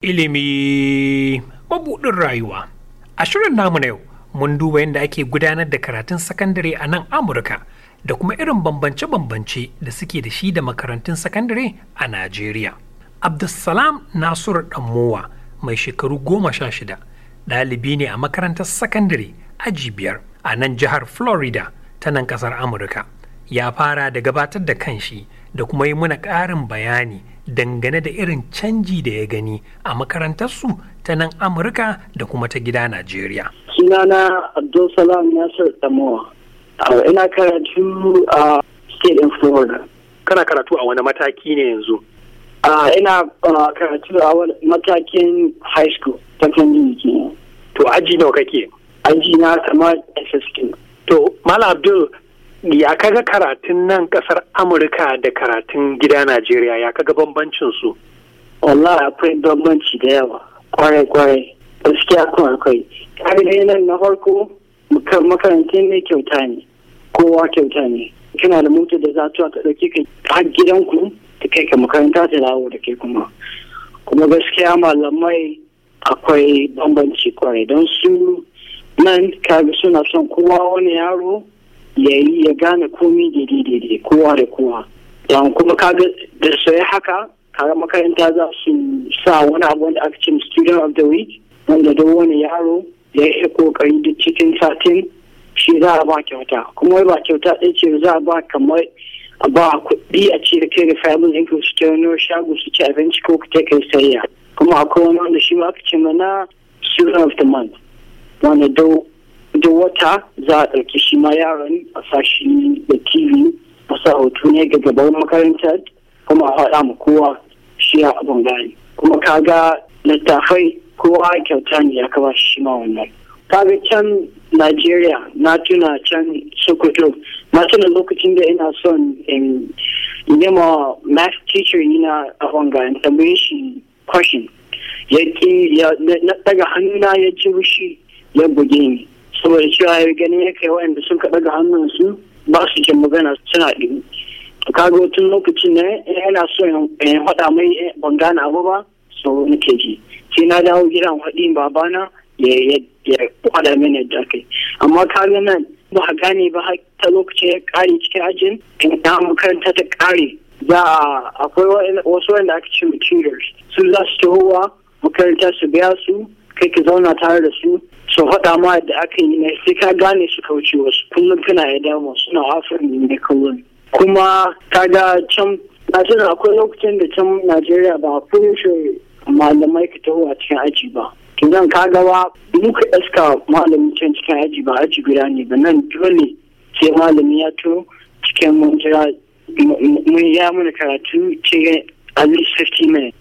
ilimi mabuɗin rayuwa. A shirin namu na yau mun duba yadda ake gudanar da karatun sakandare a nan Amurka da kuma irin bambance-bambance da suke da shi da makarantun sakandare a Najeriya. Abdulsalam Nasiru Ɗanmowa mai shekaru goma sha shida ɗalibi ne a makarantar sakandare aji biyar a nan jihar Florida ta nan ƙasar Amurka. Ya fara da gabatar da kanshi da kuma yi muna ƙarin bayani dangane da irin canji da ya gani a makarantarsu ta nan amurka da kuma ta gida najeriya sunana abdulsalam nasir Damuwa. Ah, ina karatu a state in florida kana karatu a wani mataki ne yanzu ah, ina ah, karatu a matakin high school secondary kenan to aji nawa kake aji na kamar ssk to malam abdul ya kaga karatun nan kasar amurka da karatun gida najeriya ya kaga bambancin su wallahi akwai bambanci da yawa kwarai kwarai gaskiya kuma akwai kare nan na farko makarantar ne kyauta ne kowa kyauta ne Kina da mota da za ta ɗauki ka har gidanku ta kai ka makaranta ta dawo da kai kuma kuma gaskiya malamai akwai bambanci kwarai don su nan kaga suna son kowa wani yaro ya yi ya gane komi daidai daidai kowa da kowa yan kuma kaga da sai haka kaga makaranta za su sa wani abu wanda aka ce student of the week wanda duk wani yaro ya yi kokari duk cikin satin shi za a ba kyauta kuma ba kyauta ɗaya ce za a ba kamar a ba kuɗi a ce kai da family ɗin su ke wani shago su ci abinci ko ta kai sayya kuma akwai wani wanda shi ma aka ce mana student of the month wanda duk da wata za a ɗauki shi ma yaron a sashi da tv a sa hoto ne ga gaban makaranta kuma a faɗa ma kowa shi a abin gani kuma kaga littafai kowa kyauta ne ya kaba shi ma wannan kaga can najeriya na tuna can sokoto na tuna lokacin da ina son in nema math teacher yana a bangaren in tambaye shi question ya na daga hannuna ya ci rushi ya buge ni saboda cewa ya gani ya kai waɗanda sun kaɗa ga hannunsu ba su jin magana suna ɗin ga tun lokacin ne yana so in faɗa mai eh, ban gane abu ba so nake ji sai na dawo gidan faɗi babana ya faɗa mini yadda kai amma kaga nan ba a gane ba ta lokacin ya ƙare cikin ajin Na makaranta ta ƙare za a akwai wasu wanda aka ce materials su za su wa makaranta su biya su kai ki zauna tare da su su faɗa ma da aka yi na sai ka gane su kauce wasu kullum kana ya damu suna afirin ne kawai kuma ta ga can najeriya akwai lokacin da can najeriya ba koyaushe malamai ka taho a cikin aji ba zan ka gawa muka iska malamin can cikin aji ba aji guda ne ba nan dole sai malami ya to cikin mun jira mun ya mana karatu ce at least 50 minutes